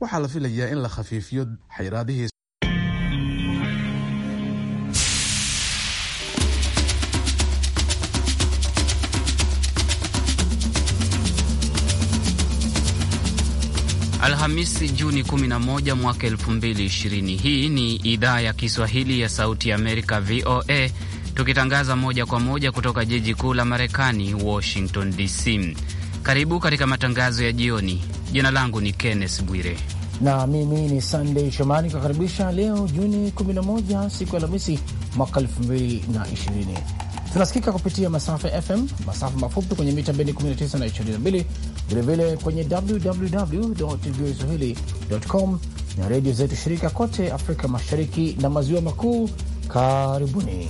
waxaa la filayaa in la khafiifiyo xayiraadihii Alhamisi, Juni 11 mwaka 2020. Hii ni idhaa ya Kiswahili ya Sauti ya Amerika, VOA, tukitangaza moja kwa moja kutoka jiji kuu la Marekani, Washington DC. Karibu katika matangazo ya jioni. Jina langu ni Kenneth Bwire na mimi ni sandey Shomani kukaribisha leo Juni 11 siku ya Alhamisi mwaka 2020. Tunasikika kupitia masafa ya FM, masafa mafupi kwenye mita bendi 19 na 22, vilevile kwenye www voa na redio zetu shirika kote Afrika Mashariki na Maziwa Makuu. Karibuni.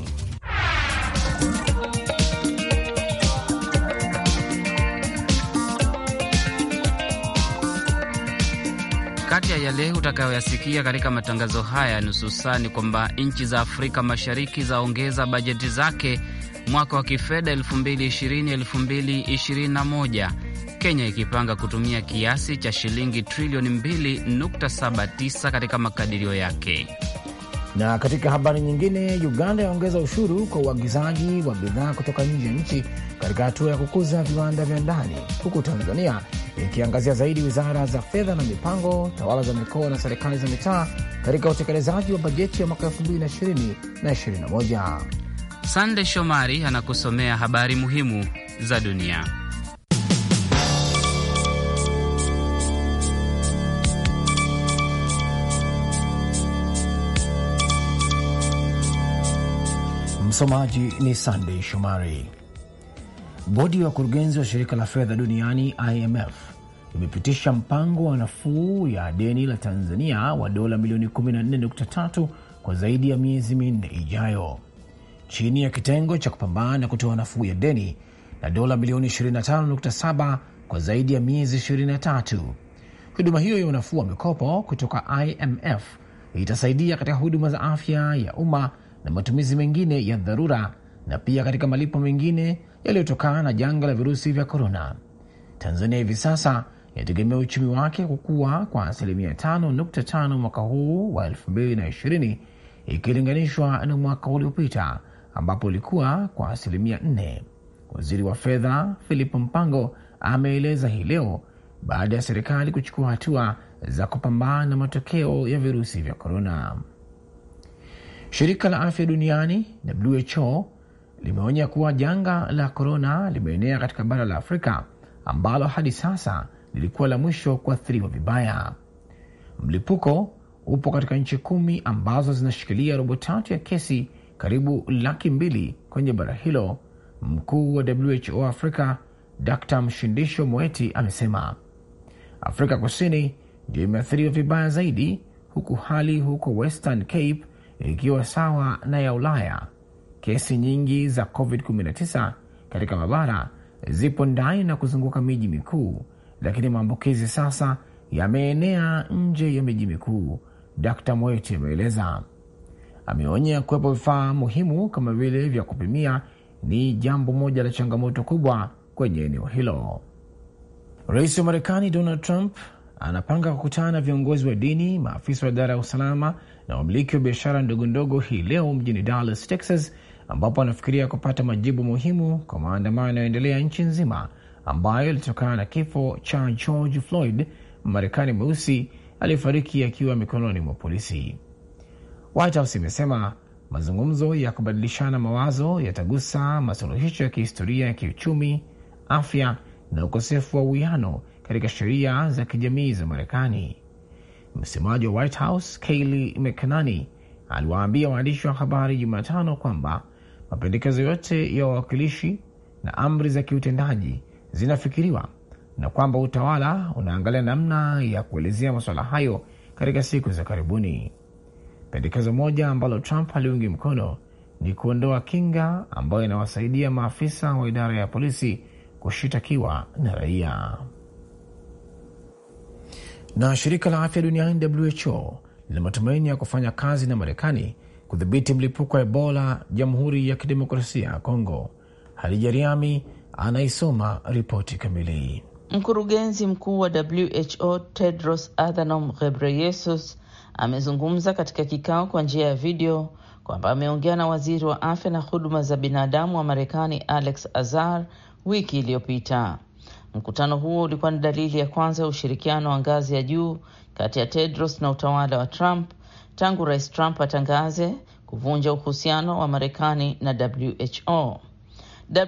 Kati ya yale utakayoyasikia katika matangazo haya nusu saa ni kwamba nchi za Afrika Mashariki zaongeza bajeti zake mwaka wa kifedha 2020-2021, Kenya ikipanga kutumia kiasi cha shilingi trilioni 2.79 katika makadirio yake. Na katika habari nyingine, Uganda yaongeza ushuru kwa uagizaji wa bidhaa kutoka nje ya nchi katika hatua ya kukuza viwanda vya ndani, huku Tanzania ikiangazia zaidi wizara za fedha na mipango, tawala za mikoa na serikali za mitaa katika utekelezaji wa bajeti ya mwaka 2221 na Sande Shomari anakusomea habari muhimu za dunia. Msomaji ni Sandey Shomari. Bodi ya wakurugenzi wa shirika la fedha duniani IMF imepitisha mpango wa nafuu ya deni la Tanzania wa dola milioni 14.3 kwa zaidi ya miezi minne ijayo, chini ya kitengo cha kupambana na kutoa nafuu ya deni na dola milioni 25.7 kwa zaidi ya miezi 23. Huduma hiyo ya unafuu wa mikopo kutoka IMF itasaidia katika huduma za afya ya umma na matumizi mengine ya dharura na pia katika malipo mengine yaliyotokana na janga la virusi vya korona. Tanzania hivi sasa inategemea uchumi wake kukua kwa asilimia 5.5 mwaka huu wa 2020 ikilinganishwa na mwaka uliopita ambapo ulikuwa kwa asilimia 4. Waziri wa Fedha Philip Mpango ameeleza hii leo baada ya serikali kuchukua hatua za kupambana na matokeo ya virusi vya korona. Shirika la afya duniani WHO limeonya kuwa janga la korona limeenea katika bara la Afrika ambalo hadi sasa lilikuwa la mwisho kuathiriwa vibaya. Mlipuko upo katika nchi kumi ambazo zinashikilia robo tatu ya kesi karibu laki mbili kwenye bara hilo. Mkuu wa WHO Afrika Dr Mshindisho Moeti amesema Afrika Kusini ndio imeathiriwa vibaya zaidi, huku hali huko Western Cape ikiwa sawa na ya Ulaya. Kesi nyingi za COVID-19 katika mabara zipo ndani na kuzunguka miji mikuu, lakini maambukizi sasa yameenea nje ya miji mikuu. d Moeti ameeleza. Ameonya kuwepo vifaa muhimu kama vile vya kupimia ni jambo moja la changamoto kubwa kwenye eneo hilo. Rais wa Marekani Donald Trump anapanga kukutana na viongozi wa dini, maafisa wa idara ya usalama na wamiliki wa biashara ndogo ndogo hii leo mjini Dallas, Texas, ambapo anafikiria kupata majibu muhimu kwa maandamano yanayoendelea nchi nzima ambayo yalitokana na kifo cha George Floyd, marekani mweusi aliyefariki akiwa mikononi mwa polisi. White House imesema mazungumzo ya kubadilishana mawazo yatagusa masuluhisho ya kihistoria ya kiuchumi, afya na ukosefu wa uwiano katika sheria za kijamii za Marekani. Msemaji wa White House Kayleigh McEnany aliwaambia waandishi wa habari Jumatano kwamba mapendekezo yote ya wawakilishi na amri za kiutendaji zinafikiriwa na kwamba utawala unaangalia namna ya kuelezea masuala hayo katika siku za karibuni. Pendekezo moja ambalo Trump aliungi mkono ni kuondoa kinga ambayo inawasaidia maafisa wa idara ya polisi kushitakiwa na raia. Na shirika la afya duniani WHO lina matumaini ya kufanya kazi na Marekani kudhibiti mlipuko wa Ebola Jamhuri ya Kidemokrasia ya Kongo. Hadija Riami anaisoma ripoti kamili. Mkurugenzi mkuu wa WHO Tedros Adhanom Ghebreyesus amezungumza katika kikao kwa njia ya video kwamba ameongea na waziri wa afya na huduma za binadamu wa Marekani Alex Azar wiki iliyopita. Mkutano huo ulikuwa ni dalili ya kwanza ya ushirikiano wa ngazi ya juu kati ya Tedros na utawala wa Trump tangu Rais Trump atangaze kuvunja uhusiano wa Marekani na WHO.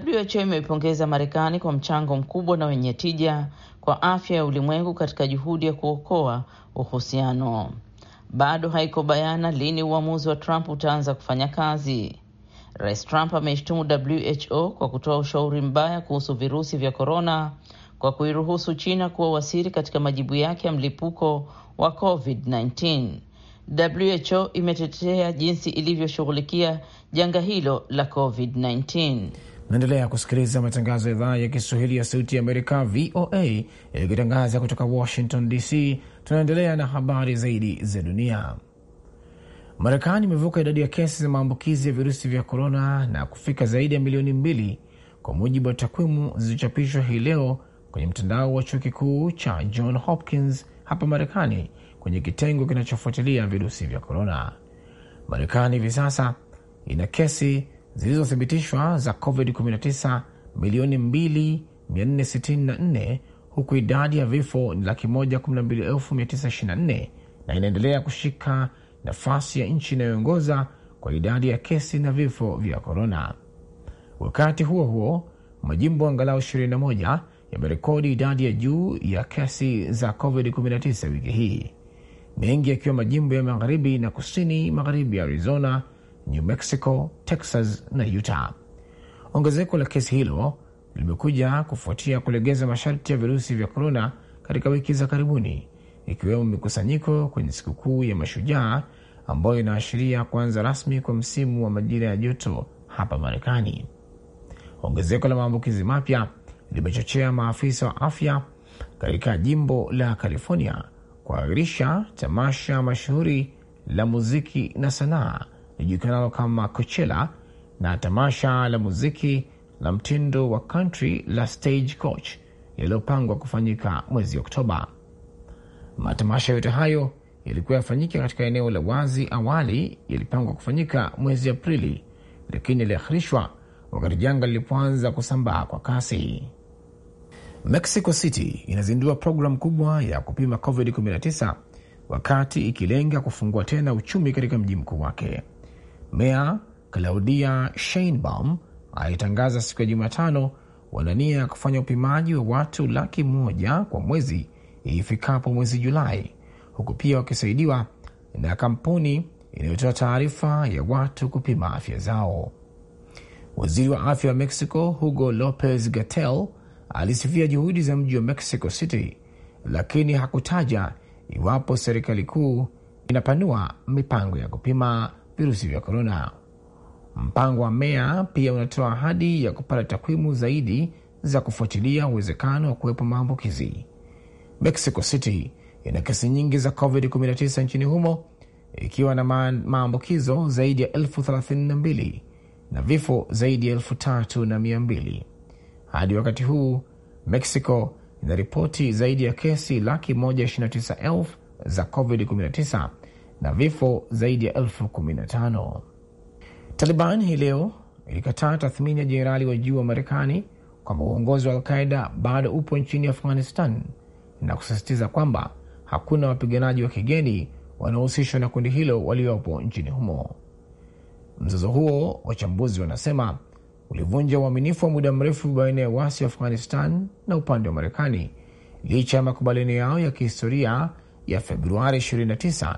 WHO imeipongeza Marekani kwa mchango mkubwa na wenye tija kwa afya ya ulimwengu katika juhudi ya kuokoa uhusiano. Bado haiko bayana lini uamuzi wa Trump utaanza kufanya kazi. Rais Trump ameshtumu WHO kwa kutoa ushauri mbaya kuhusu virusi vya korona kwa kuiruhusu China kuwa wasiri katika majibu yake ya mlipuko wa COVID-19. WHO imetetea jinsi ilivyoshughulikia janga hilo la COVID-19. Naendelea kusikiliza matangazo ya idhaa ya Kiswahili ya Sauti ya Amerika, VOA, ikitangaza kutoka Washington DC. Tunaendelea na habari zaidi za dunia. Marekani imevuka idadi ya kesi za maambukizi ya virusi vya korona na kufika zaidi ya milioni mbili kwa mujibu wa takwimu zilizochapishwa hii leo kwenye mtandao wa chuo kikuu cha John Hopkins hapa Marekani, kwenye kitengo kinachofuatilia virusi vya korona. Marekani hivi sasa ina kesi zilizothibitishwa za COVID-19 milioni 2464 huku idadi ya vifo ni laki moja na inaendelea kushika nafasi ya nchi inayoongoza kwa idadi ya kesi na vifo vya korona. Wakati huo huo, majimbo angalau 21 yamerekodi idadi ya juu ya kesi za COVID-19 wiki hii, mengi yakiwa majimbo ya magharibi na kusini magharibi ya Arizona, New Mexico, Texas na Utah. Ongezeko la kesi hilo limekuja kufuatia kulegeza masharti ya virusi vya korona katika wiki za karibuni ikiwemo mikusanyiko kwenye sikukuu ya Mashujaa ambayo inaashiria kuanza rasmi kwa msimu wa majira ya joto hapa Marekani. Ongezeko la maambukizi mapya limechochea maafisa wa afya katika jimbo la California kuahirisha tamasha mashuhuri la muziki na sanaa lijulikanalo kama Coachella na tamasha la muziki la mtindo wa country la Stagecoach yaliyopangwa kufanyika mwezi Oktoba. Matamasha yote hayo yalikuwa yafanyika katika eneo la wazi. Awali yalipangwa kufanyika mwezi Aprili, lakini yaliahirishwa wakati janga lilipoanza kusambaa kwa kasi. Mexico City inazindua programu kubwa ya kupima COVID-19 wakati ikilenga kufungua tena uchumi katika mji mkuu wake. Meya Claudia Sheinbaum alitangaza siku ya Jumatano wanania ya kufanya upimaji wa watu laki moja kwa mwezi ifikapo mwezi Julai, huku pia wakisaidiwa na kampuni inayotoa taarifa ya watu kupima afya zao. Waziri wa afya wa Mexico Hugo Lopez Gatel alisifia juhudi za mji wa Mexico City, lakini hakutaja iwapo serikali kuu inapanua mipango ya kupima virusi vya korona. Mpango wa meya pia unatoa ahadi ya kupata takwimu zaidi za kufuatilia uwezekano wa kuwepo maambukizi. Mexico City ina kesi nyingi za COVID-19 nchini humo ikiwa na maambukizo zaidi ya elfu thelathini na mbili na vifo zaidi ya elfu tatu na mia mbili hadi wakati huu. Mexico ina ripoti zaidi ya kesi laki moja ishirini na tisa elfu za COVID-19 na vifo zaidi ya elfu kumi na tano. Taliban hii leo ilikataa tathmini ya jenerali wa juu wa Marekani kwamba uongozi wa Alqaida bado upo nchini Afghanistan na kusisitiza kwamba hakuna wapiganaji wa kigeni wanaohusishwa na kundi hilo waliopo nchini humo. Mzozo huo, wachambuzi wanasema, ulivunja uaminifu wa muda mrefu baina ya wasi wa Afghanistan na upande wa Marekani licha ya makubaliano yao ya kihistoria ya Februari 29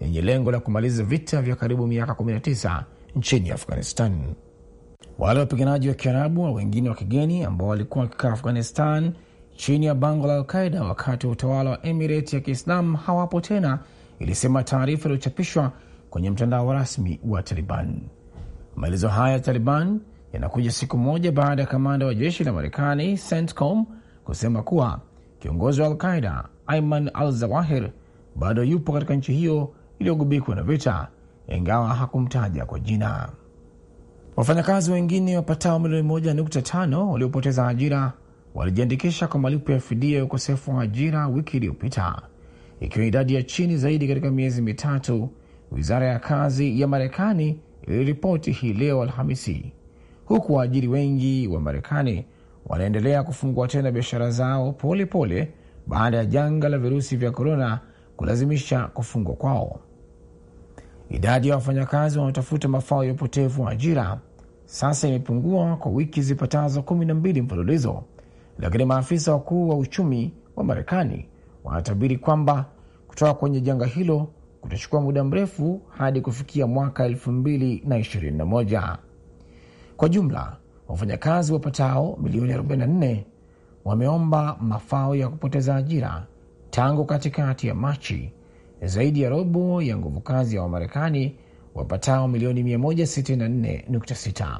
yenye lengo la kumaliza vita vya karibu miaka 19 nchini Afghanistan. Wale wapiganaji wa Kiarabu wa wengine wa kigeni ambao walikuwa wakikaa Afghanistan chini ya bango la Alqaida wakati wa utawala wa Emirati ya Kiislam hawapo tena, ilisema taarifa iliyochapishwa kwenye mtandao rasmi wa Taliban. Maelezo haya ya Taliban yanakuja siku moja baada ya kamanda wa jeshi la Marekani CENTCOM kusema kuwa kiongozi wa Alqaida Aiman al Zawahir bado yupo katika nchi hiyo iliyogubikwa na vita, ingawa hakumtaja kwa jina. Wafanyakazi wengine wapatao milioni 1.5 waliopoteza ajira walijiandikisha kwa malipo ya fidia ya ukosefu wa ajira wiki iliyopita, ikiwa idadi ya chini zaidi katika miezi mitatu, wizara ya kazi ya Marekani iliripoti hii leo Alhamisi, huku waajiri wengi wa Marekani wanaendelea kufungua tena biashara zao polepole pole baada ya janga la virusi vya korona kulazimisha kufungwa kwao. Idadi ya wafanyakazi wanaotafuta mafao ya upotevu wa ajira sasa imepungua kwa wiki zipatazo kumi na mbili mfululizo lakini maafisa wakuu wa uchumi wa Marekani wanatabiri kwamba kutoka kwenye janga hilo kutachukua muda mrefu hadi kufikia mwaka 2021. Kwa jumla, wafanyakazi wapatao milioni 44 wameomba mafao ya kupoteza ajira tangu katikati ya Machi, zaidi ya robo ya nguvu kazi ya Wamarekani wapatao milioni 164.6,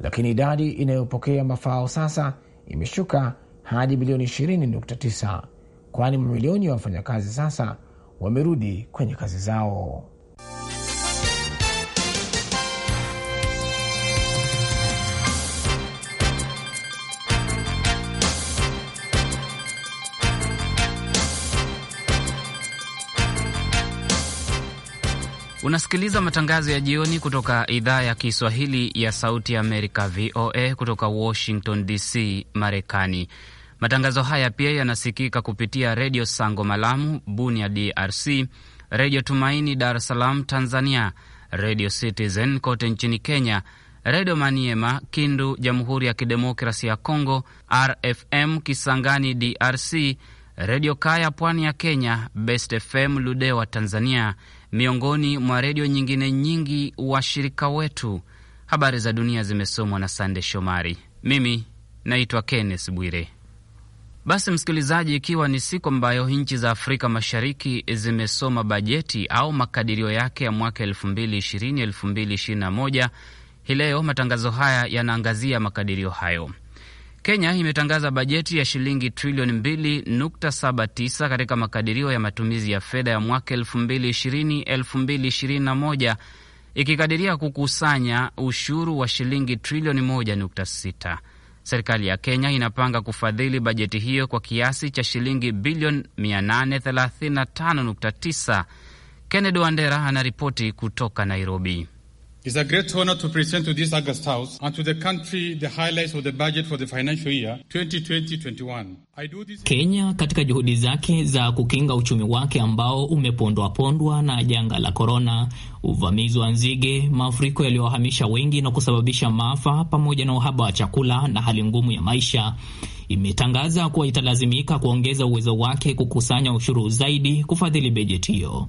lakini idadi inayopokea mafao sasa imeshuka hadi bilioni 20.9 kwani mamilioni ya wafanyakazi sasa wamerudi kwenye kazi zao. Unasikiliza matangazo ya jioni kutoka idhaa ya Kiswahili ya Sauti ya Amerika, VOA, kutoka Washington DC, Marekani. Matangazo haya pia yanasikika kupitia Redio Sango Malamu, Bunia DRC, Redio Tumaini Dar es Salaam Tanzania, Redio Citizen kote nchini Kenya, Redio Maniema Kindu, Jamhuri ya Kidemokrasi ya Kongo, RFM Kisangani DRC, Redio Kaya pwani ya Kenya, Best FM Ludewa Tanzania, miongoni mwa redio nyingine nyingi washirika wetu. Habari za dunia zimesomwa na Sande Shomari. Mimi naitwa Kenneth Bwire. Basi msikilizaji, ikiwa ni siku ambayo nchi za Afrika Mashariki zimesoma bajeti au makadirio yake ya mwaka 2020 2021, hii leo matangazo haya yanaangazia makadirio hayo. Kenya imetangaza bajeti ya shilingi trilioni 2.79 katika makadirio ya matumizi ya fedha ya mwaka 2020 2021 ikikadiria kukusanya ushuru wa shilingi trilioni 1.6. Serikali ya Kenya inapanga kufadhili bajeti hiyo kwa kiasi cha shilingi bilioni 835.9. Kennedy Wandera anaripoti kutoka Nairobi. It's a great honor to present to this August House and to the country the highlights of the budget for the financial year 2020-21. Kenya katika juhudi zake za kukinga uchumi wake ambao umepondwapondwa na janga la korona, uvamizi wa nzige, mafuriko yaliyowahamisha wengi na kusababisha maafa, pamoja na uhaba wa chakula na hali ngumu ya maisha imetangaza kuwa italazimika kuongeza uwezo wake kukusanya ushuru zaidi kufadhili bajeti hiyo.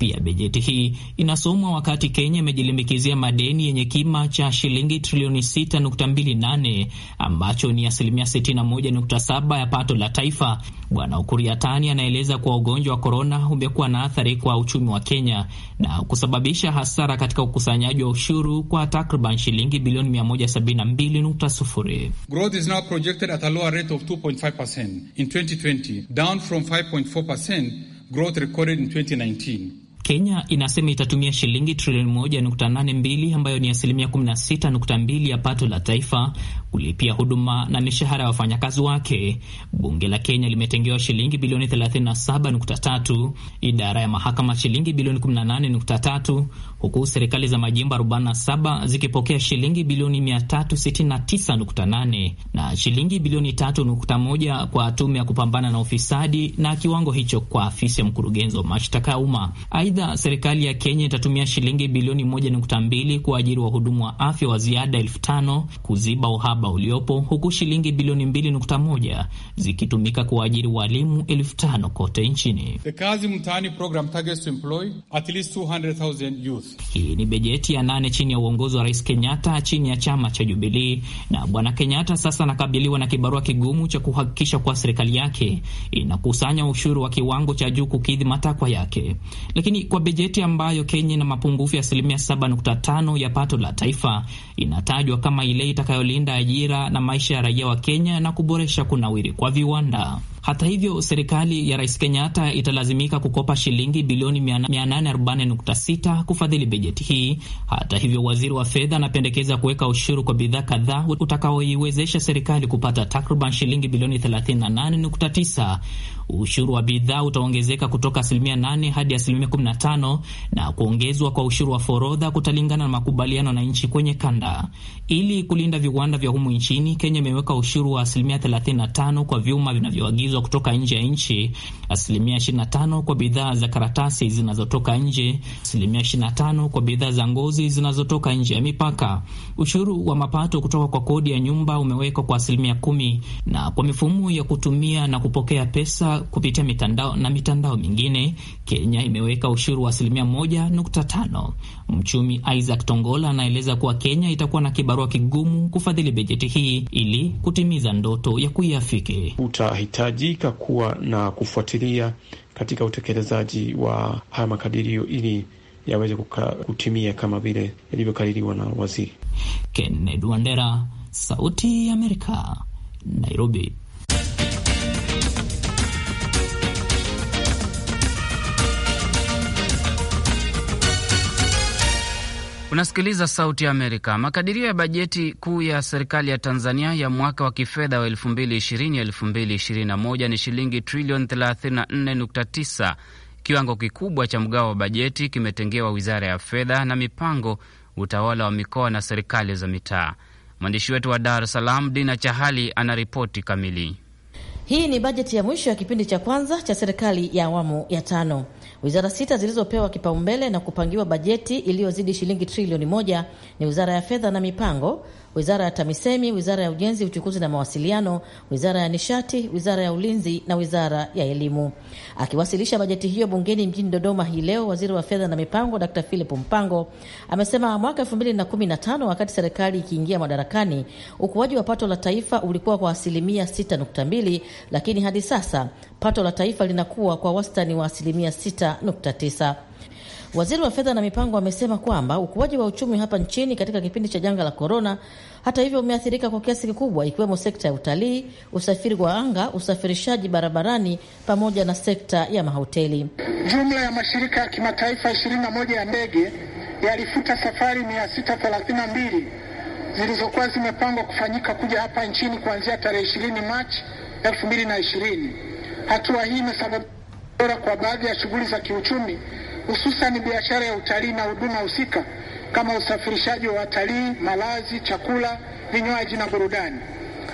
Pia bajeti hii inasomwa wakati Kenya imejilimbikizia madeni yenye kima cha shilingi trilioni 6.28 ambacho ni asilimia 61.7 ya pato la taifa. Bwana Ukuriatani anaeleza kuwa ugonjwa wa korona umekuwa na athari kwa uchumi wa Kenya na kusababisha hasara katika ukusanyaji wa ushuru kwa takriban shilingi bilioni 172.0. Growth is at rate in from 5.4% recorded in 2019. Kenya inasema itatumia shilingi trilioni 1.82 ambayo ni asilimia 16.2 ya pato la taifa kulipia huduma na mishahara ya wafanyakazi wake. Bunge la Kenya limetengewa shilingi bilioni 37.3, idara ya mahakama shilingi bilioni tatu huku serikali za majimbo 47 zikipokea shilingi bilioni 369.8 na shilingi bilioni 3.1 kwa tume ya kupambana na ufisadi na kiwango hicho kwa afisi ya mkurugenzi wa mashtaka ya umma. Aidha, serikali ya Kenya itatumia shilingi bilioni 1.2 kuwaajiri wahudumu wa afya wa ziada elfu tano kuziba uhaba uliopo, huku shilingi bilioni 2.1 zikitumika kuwaajiri walimu elfu tano kote nchini. The Kazi Mtaani program targets to employ at least 200,000 youth. Hii ni bajeti ya nane chini ya uongozi wa Rais Kenyatta chini ya chama cha Jubilii, na Bwana Kenyatta sasa anakabiliwa na kibarua kigumu cha kuhakikisha kuwa serikali yake inakusanya ushuru wa kiwango cha juu kukidhi matakwa yake, lakini lakini kwa bajeti ambayo Kenya ina mapungufu ya asilimia 7.5 ya pato la taifa, inatajwa kama ile itakayolinda ajira na maisha ya raia wa Kenya na kuboresha kunawiri kwa viwanda. Hata hivyo, serikali ya Rais Kenyatta italazimika kukopa shilingi bilioni 846 kufadhili bajeti hii. Hata hivyo, waziri wa fedha anapendekeza kuweka ushuru kwa bidhaa kadhaa utakaoiwezesha serikali kupata takriban shilingi bilioni 38.9 ushuru wa bidhaa utaongezeka kutoka asilimia 8 hadi asilimia 15 na kuongezwa kwa ushuru wa forodha kutalingana na makubaliano na nchi kwenye kanda. Ili kulinda viwanda vya humu nchini, Kenya imeweka ushuru wa asilimia 35 kwa vyuma vinavyoagizwa kutoka nje ya nchi, asilimia 25 kwa bidhaa za karatasi zinazotoka nje, asilimia 25 kwa bidhaa za ngozi zinazotoka nje ya mipaka. Ushuru wa mapato kutoka kwa kodi ya nyumba umewekwa kwa asilimia 10 na kwa mifumo ya kutumia na kupokea pesa kupitia mitandao na mitandao mingine, Kenya imeweka ushuru wa asilimia moja nukta tano. Mchumi Isaac Tongola anaeleza kuwa Kenya itakuwa na kibarua kigumu kufadhili bajeti hii ili kutimiza ndoto ya kuiafiki. Utahitajika kuwa na kufuatilia katika utekelezaji wa haya makadirio ili yaweze kutimia kama vile yalivyokadiriwa na waziri. Kennedy Wandera, Sauti ya Amerika, Nairobi. Unasikiliza Sauti ya Amerika. Makadirio ya bajeti kuu ya serikali ya Tanzania ya mwaka wa kifedha wa 2020-2021 ni shilingi trilioni 34.9. Kiwango kikubwa cha mgao wa bajeti kimetengewa Wizara ya Fedha na Mipango, Utawala wa Mikoa na Serikali za Mitaa. Mwandishi wetu wa Dar es Salaam, Dina Chahali, anaripoti kamili. Hii ni bajeti ya mwisho ya kipindi cha kwanza cha serikali ya awamu ya tano. Wizara sita zilizopewa kipaumbele na kupangiwa bajeti iliyozidi shilingi trilioni moja ni wizara ya fedha na mipango, wizara ya TAMISEMI, wizara ya ujenzi, uchukuzi na mawasiliano, wizara ya nishati, wizara ya ulinzi na wizara ya elimu. Akiwasilisha bajeti hiyo bungeni mjini Dodoma hii leo, waziri wa fedha na mipango Dkt. Philip Mpango amesema mwaka 2015 wakati serikali ikiingia madarakani, ukuaji wa pato la taifa ulikuwa kwa asilimia 6.2, lakini hadi sasa pato la taifa linakuwa kwa wastani wa asilimia 6.9. Waziri wa fedha na mipango amesema kwamba ukuaji wa uchumi hapa nchini katika kipindi cha janga la korona, hata hivyo, umeathirika kwa kiasi kikubwa, ikiwemo sekta ya utalii, usafiri wa anga, usafirishaji barabarani, pamoja na sekta ya mahoteli. Jumla ya mashirika ya kimataifa 21 ya ndege yalifuta safari 632 zilizokuwa zimepangwa kufanyika kuja hapa nchini kuanzia tarehe 20 Machi 2020. Hatua hii imesababisha kwa baadhi ya shughuli za kiuchumi hususan biashara ya utalii na huduma husika kama usafirishaji wa watalii, malazi, chakula, vinywaji na burudani.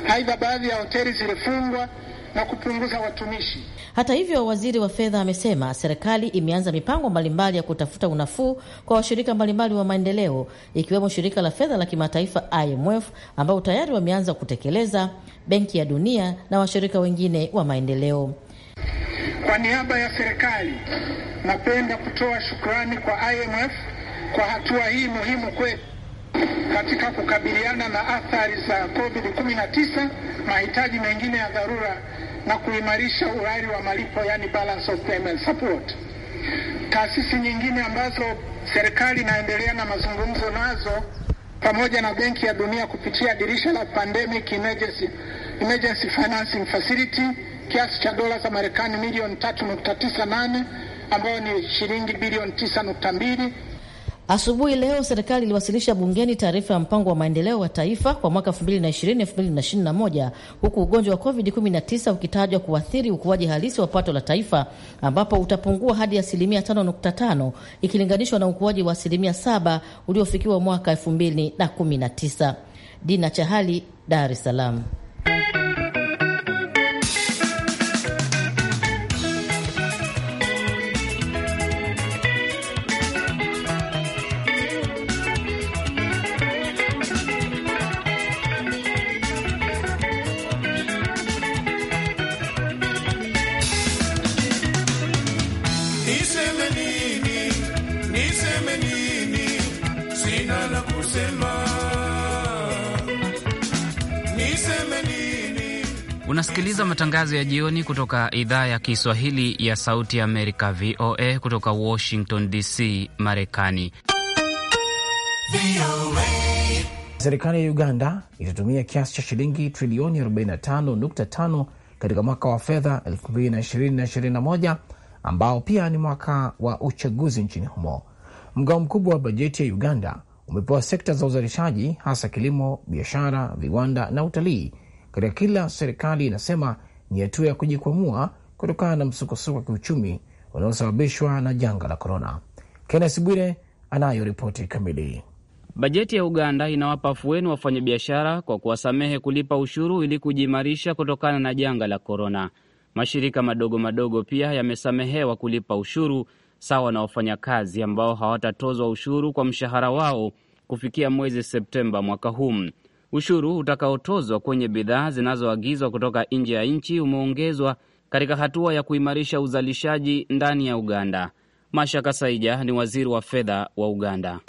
Aidha, baadhi ya hoteli zilifungwa na kupunguza watumishi. Hata hivyo, waziri wa fedha amesema serikali imeanza mipango mbalimbali ya kutafuta unafuu kwa washirika mbalimbali wa maendeleo ikiwemo shirika la fedha la kimataifa IMF ambao tayari wameanza kutekeleza, Benki ya Dunia na washirika wengine wa maendeleo. Kwa niaba ya serikali, napenda kutoa shukrani kwa IMF kwa hatua hii muhimu kwetu katika kukabiliana na athari za COVID-19, mahitaji mengine ya dharura na kuimarisha urari wa malipo, yani balance of payment support. Taasisi nyingine ambazo serikali inaendelea na mazungumzo nazo pamoja na Benki ya Dunia kupitia dirisha la Pandemic Emergency, Emergency Financing Facility kiasi cha dola za Marekani milioni 3.98 ambayo ni shilingi bilioni 9.2. Asubuhi leo serikali iliwasilisha bungeni taarifa ya mpango wa maendeleo wa taifa kwa mwaka 2020-2021 huku ugonjwa wa COVID-19 ukitajwa kuathiri ukuaji halisi wa pato la taifa ambapo utapungua hadi asilimia 5.5 ikilinganishwa na ukuaji wa asilimia 7 uliofikiwa mwaka 2019. Dina Chahali, Dar es Salaam. Unasikiliza matangazo ya jioni kutoka idhaa ya Kiswahili ya Sauti ya Amerika, VOA, kutoka Washington DC, Marekani. Serikali ya Uganda itatumia kiasi cha shilingi trilioni 45.5 katika mwaka wa fedha 2020/2021 ambao pia ni mwaka wa uchaguzi nchini humo. Mgao mkubwa wa bajeti ya Uganda umepewa sekta za uzalishaji, hasa kilimo, biashara, viwanda na utalii katika kila serikali inasema ni hatua ya kujikwamua kutokana na msukosuko wa kiuchumi unaosababishwa na janga la korona. Kennes Bwire anayo ripoti kamili. Bajeti ya Uganda inawapa afueni wafanyabiashara kwa kuwasamehe kulipa ushuru ili kujiimarisha kutokana na janga la korona. Mashirika madogo madogo pia yamesamehewa kulipa ushuru sawa na wafanyakazi ambao hawatatozwa ushuru kwa mshahara wao kufikia mwezi Septemba mwaka huu. Ushuru utakaotozwa kwenye bidhaa zinazoagizwa kutoka nje ya nchi umeongezwa katika hatua ya kuimarisha uzalishaji ndani ya Uganda. Mashaka Saija ni waziri wa fedha wa Uganda.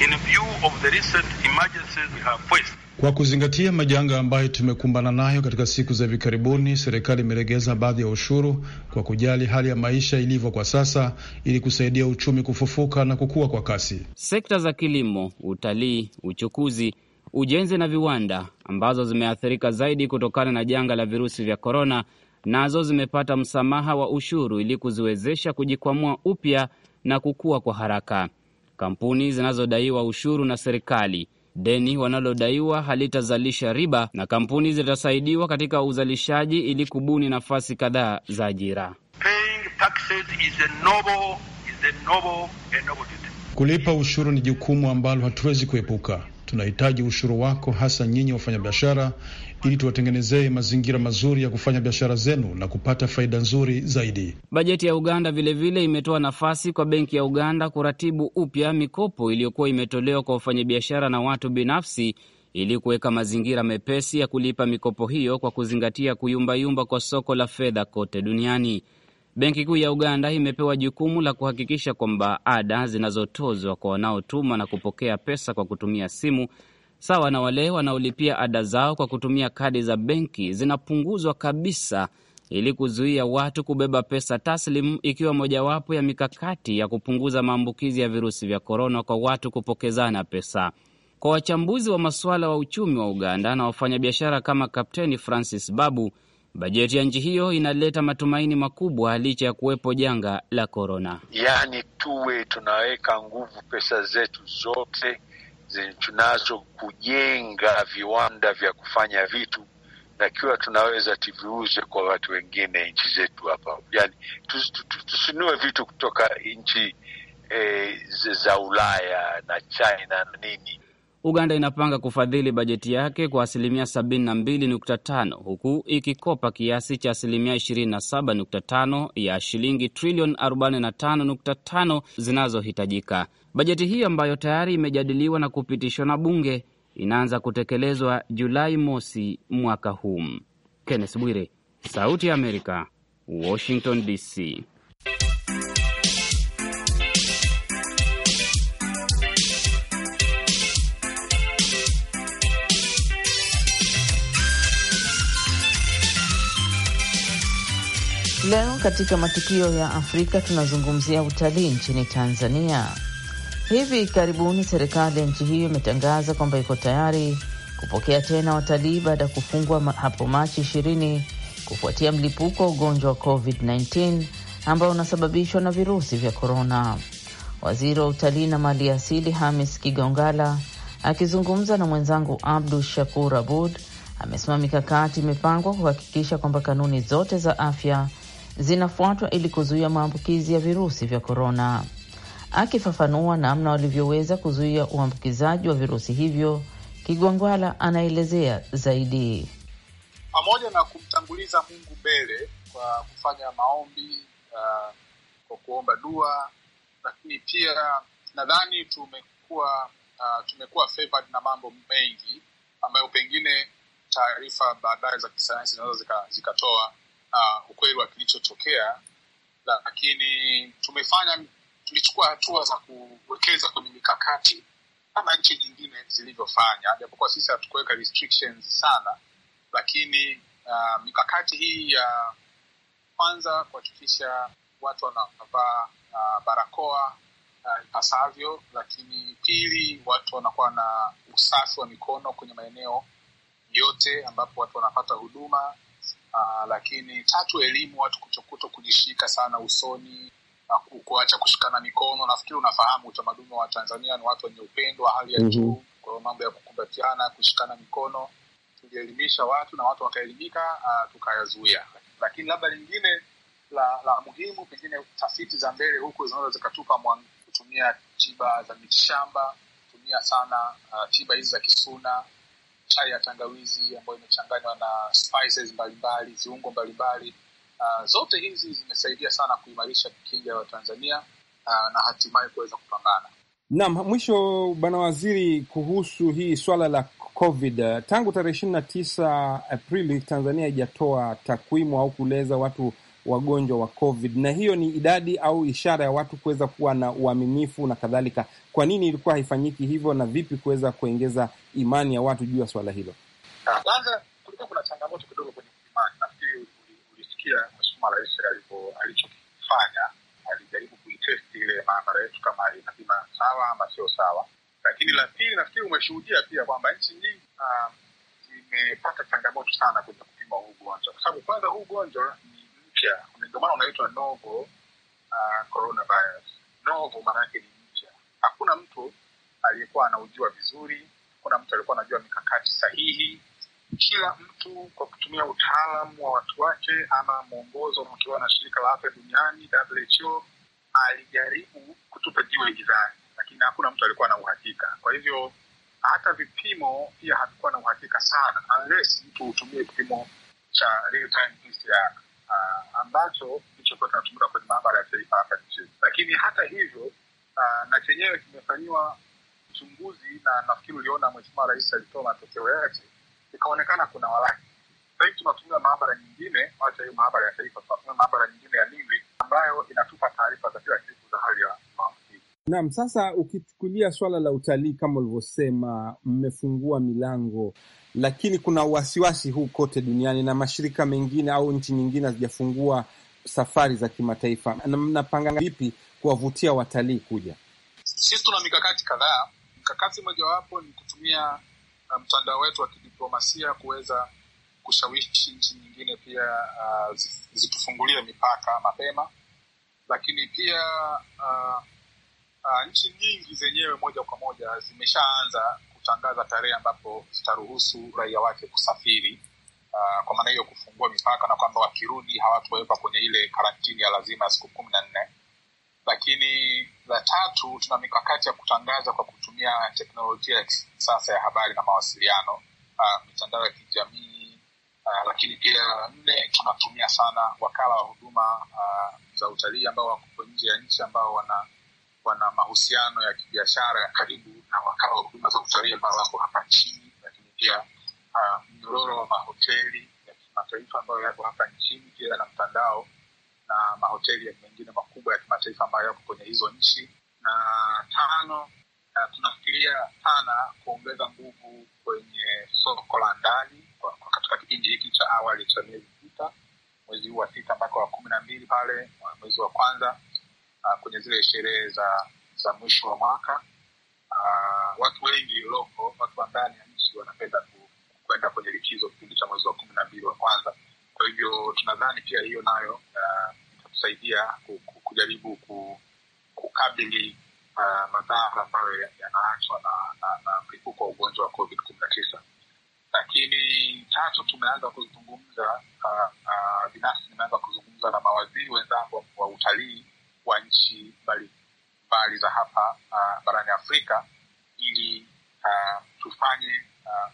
Kwa kuzingatia majanga ambayo tumekumbana nayo katika siku za hivi karibuni, serikali imelegeza baadhi ya ushuru kwa kujali hali ya maisha ilivyo kwa sasa, ili kusaidia uchumi kufufuka na kukua kwa kasi. Sekta za kilimo, utalii, uchukuzi ujenzi na viwanda ambazo zimeathirika zaidi kutokana na janga la virusi vya korona, nazo zimepata msamaha wa ushuru ili kuziwezesha kujikwamua upya na kukua kwa haraka. Kampuni zinazodaiwa ushuru na serikali deni wanalodaiwa halitazalisha riba na kampuni zitasaidiwa katika uzalishaji ili kubuni nafasi kadhaa za ajira. Kulipa ushuru ni jukumu ambalo hatuwezi kuepuka tunahitaji ushuru wako, hasa nyinyi wafanyabiashara, ili tuwatengenezee mazingira mazuri ya kufanya biashara zenu na kupata faida nzuri zaidi. Bajeti ya Uganda vilevile imetoa nafasi kwa Benki ya Uganda kuratibu upya mikopo iliyokuwa imetolewa kwa wafanyabiashara na watu binafsi ili kuweka mazingira mepesi ya kulipa mikopo hiyo kwa kuzingatia kuyumbayumba kwa soko la fedha kote duniani. Benki Kuu ya Uganda imepewa jukumu la kuhakikisha kwamba ada zinazotozwa kwa wanaotuma na kupokea pesa kwa kutumia simu, sawa na wale wanaolipia ada zao kwa kutumia kadi za benki, zinapunguzwa kabisa ili kuzuia watu kubeba pesa taslimu, ikiwa mojawapo ya mikakati ya kupunguza maambukizi ya virusi vya korona kwa watu kupokezana pesa. Kwa wachambuzi wa masuala wa uchumi wa Uganda na wafanyabiashara kama Kapteni Francis Babu, Bajeti ya nchi hiyo inaleta matumaini makubwa licha ya kuwepo janga la korona. Yaani tuwe tunaweka nguvu pesa zetu zote zenye tunazo kujenga viwanda vya kufanya vitu na tunaweza tuviuze kwa watu wengine nchi zetu hapa, yani tusinue vitu kutoka nchi e, za Ulaya na China na nini. Uganda inapanga kufadhili bajeti yake kwa asilimia 72.5 huku ikikopa kiasi cha asilimia 27.5 ya shilingi trilioni 45.5 zinazohitajika. Bajeti hii ambayo tayari imejadiliwa na kupitishwa na bunge inaanza kutekelezwa Julai mosi mwaka huu. Kenneth Bwire, Sauti ya Amerika, Washington DC. Leo katika matukio ya Afrika tunazungumzia utalii nchini Tanzania. Hivi karibuni serikali ya nchi hiyo imetangaza kwamba iko tayari kupokea tena watalii baada ya kufungwa hapo Machi 20 kufuatia mlipuko wa ugonjwa wa COVID-19 ambao unasababishwa na virusi vya korona. Waziri wa utalii na mali ya asili Hamis Kigongala akizungumza na mwenzangu Abdu Shakur Abud amesema mikakati imepangwa kuhakikisha kwamba kanuni zote za afya zinafuatwa ili kuzuia maambukizi ya virusi vya korona. Akifafanua namna walivyoweza kuzuia uambukizaji wa virusi hivyo, Kigwangwala anaelezea zaidi. Pamoja na kumtanguliza Mungu mbele kwa kufanya maombi, uh, kwa kuomba dua, lakini pia nadhani tumekuwa uh, tumekuwa favored na mambo mengi ambayo pengine taarifa baadaye za kisayansi zinaweza zikatoa zika uh, ukweli wa kilichotokea, lakini tumefanya tulichukua hatua za kuwekeza kwenye mikakati kama nchi nyingine zilivyofanya, japokuwa sisi hatukuweka restrictions sana, lakini uh, mikakati hii ya uh, kwanza kuhakikisha watu wanavaa uh, barakoa uh, ipasavyo uh, lakini pili, watu wanakuwa na usafi wa mikono kwenye maeneo yote ambapo watu wanapata huduma Ah, lakini tatu, elimu, watu kutokuto kujishika sana usoni na kuacha kushikana mikono. Nafikiri unafahamu utamaduni wa Tanzania ni watu wenye upendo wa hali ya mhm. juu mm -hmm. Kwa hiyo mambo ya kukumbatiana, kushikana mikono, tulielimisha watu na watu wakaelimika, uh, tukayazuia. Lakini labda lingine la, la muhimu pengine, tafiti za mbele huku zinaweza zikatupa kutumia tiba za mitishamba, kutumia sana uh, tiba hizi za kisuna chai ya tangawizi ambayo imechanganywa na spices mbalimbali, viungo mbalimbali. Uh, zote hizi zimesaidia sana kuimarisha kinga ya Watanzania uh, na hatimaye kuweza kupambana nam mwisho bwana waziri, kuhusu hii swala la COVID, tangu tarehe ishirini na tisa Aprili Tanzania haijatoa takwimu au kueleza watu wagonjwa wa COVID, na hiyo ni idadi au ishara ya watu kuweza kuwa na uaminifu na kadhalika. Kwa nini ilikuwa haifanyiki hivyo, na vipi kuweza kuongeza imani ya watu juu ya swala hilo? Ah, kwanza kulikuwa kuna changamoto kidogo kwenye imani. Nafikiri ulisikia Mheshimiwa Rais alichokifanya, alijaribu kuitesti ile maabara yetu kama inapima sawa ama sio sawa. Lakini la pili, nafikiri umeshuhudia pia kwamba nchi nyingi ah, zimepata changamoto sana kwenye kupima huu ugonjwa, kwa sababu kwanza huu ugonjwa ni mpya, ndio maana unaitwa novo uh, coronavirus. novo maana yake ni mpya. Hakuna mtu aliyekuwa anaujua vizuri, hakuna mtu aliyekuwa anajua mikakati sahihi. Kila mtu kwa kutumia utaalamu wa watu wake ama mwongozo unaotolewa na shirika la afya duniani WHO alijaribu kutupa jiwe gizani, lakini hakuna mtu alikuwa na uhakika. Kwa hivyo hata vipimo pia havikuwa na uhakika sana, unless mtu hutumie kipimo cha real time PCR uh, ambacho kilichokuwa kinatumika kwenye maabara ya taifa hapa nchini, lakini hata hivyo uh, na chenyewe kimefanyiwa uchunguzi na nafikiri uliona Mheshimiwa Rais alitoa matokeo yake, ikaonekana kuna walaki. Sasa hivi tunatumia maabara nyingine, wacha hiyo maabara ya taifa, tunatumia maabara nyingine ya NIMR ambayo inatupa taarifa za kila siku za hali ya maambukizi. Naam, sasa ukichukulia swala la utalii kama ulivyosema, mmefungua milango lakini kuna wasiwasi huu kote duniani na mashirika mengine au nchi nyingine hazijafungua safari za kimataifa. Mnapanga vipi kuwavutia watalii kuja? Sisi tuna mikakati kadhaa. Mkakati mojawapo ni kutumia uh, mtandao um, wetu wa kidiplomasia kuweza kushawishi nchi nyingine pia uh, zitufungulie mipaka mapema, lakini pia uh, uh, nchi nyingi zenyewe moja kwa moja zimeshaanza kutangaza tarehe ambapo zitaruhusu raia wake kusafiri. Uh, kwa maana hiyo kufungua mipaka na kwamba wakirudi hawatowekwa kwenye ile karantini ya lazima ya siku kumi na nne. Lakini la tatu, tuna mikakati ya kutangaza kwa kutumia teknolojia ya kisasa ya habari na mawasiliano, uh, mitandao ya kijamii uh, lakini pia la nne, tunatumia sana wakala wa huduma uh, za utalii ambao wako nje ya nchi ambao wana na mahusiano ya kibiashara ya karibu na wakala wa huduma za utalii ambao wako hapa nchini, lakini pia ah, mnyororo wa mahoteli ya kimataifa ambayo yako hapa nchini pia na mtandao na mahoteli ya mengine makubwa ya kimataifa ambayo yako kwenye hizo nchi. Na tano, uh, tunafikiria sana kuongeza nguvu kwenye soko la ndani katika kipindi hiki cha awali cha miezi sita, mwezi huu wa sita mpaka wa kumi na mbili pale mwezi wa kwanza uh, kwenye zile sherehe za za mwisho wa mwaka uh, watu wengi loko, watu wa ndani ya nchi wanapenda kwenda kwenye likizo kipindi cha mwezi wa kumi na mbili wa kwanza. Kwa hivyo tunadhani pia hiyo nayo uh, itatusaidia uh, kujaribu ku, kukabili uh, madhara ambayo yanaachwa na, na, na mlipuko wa ugonjwa wa COVID kumi na tisa. Lakini tatu, tumeanza kuzungumza uh, uh, binafsi nimeanza kuzungumza na mawaziri wenzangu wa utalii wa nchi mbalimbali za hapa uh, barani Afrika ili uh, tufanye uh,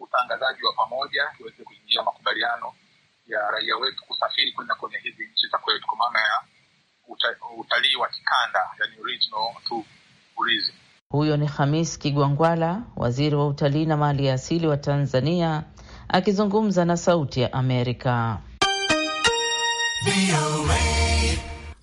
utangazaji wa pamoja tuweze kuingia makubaliano ya raia wetu kusafiri kwenda kwenye hizi nchi za kwetu, kwa maana ya utalii wa kikanda, yani tourism. Huyo ni Hamis Kigwangwala, waziri wa utalii na mali ya asili wa Tanzania, akizungumza na Sauti ya Amerika.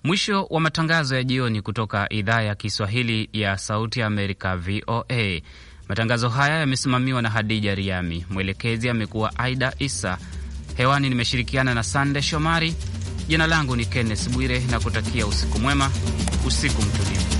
Mwisho wa matangazo ya jioni kutoka idhaa ya Kiswahili ya Sauti ya Amerika, VOA. Matangazo haya yamesimamiwa na Hadija Riami, mwelekezi amekuwa Aida Isa. Hewani nimeshirikiana na Sande Shomari. Jina langu ni Kenneth Bwire na kutakia usiku mwema, usiku mtulivu.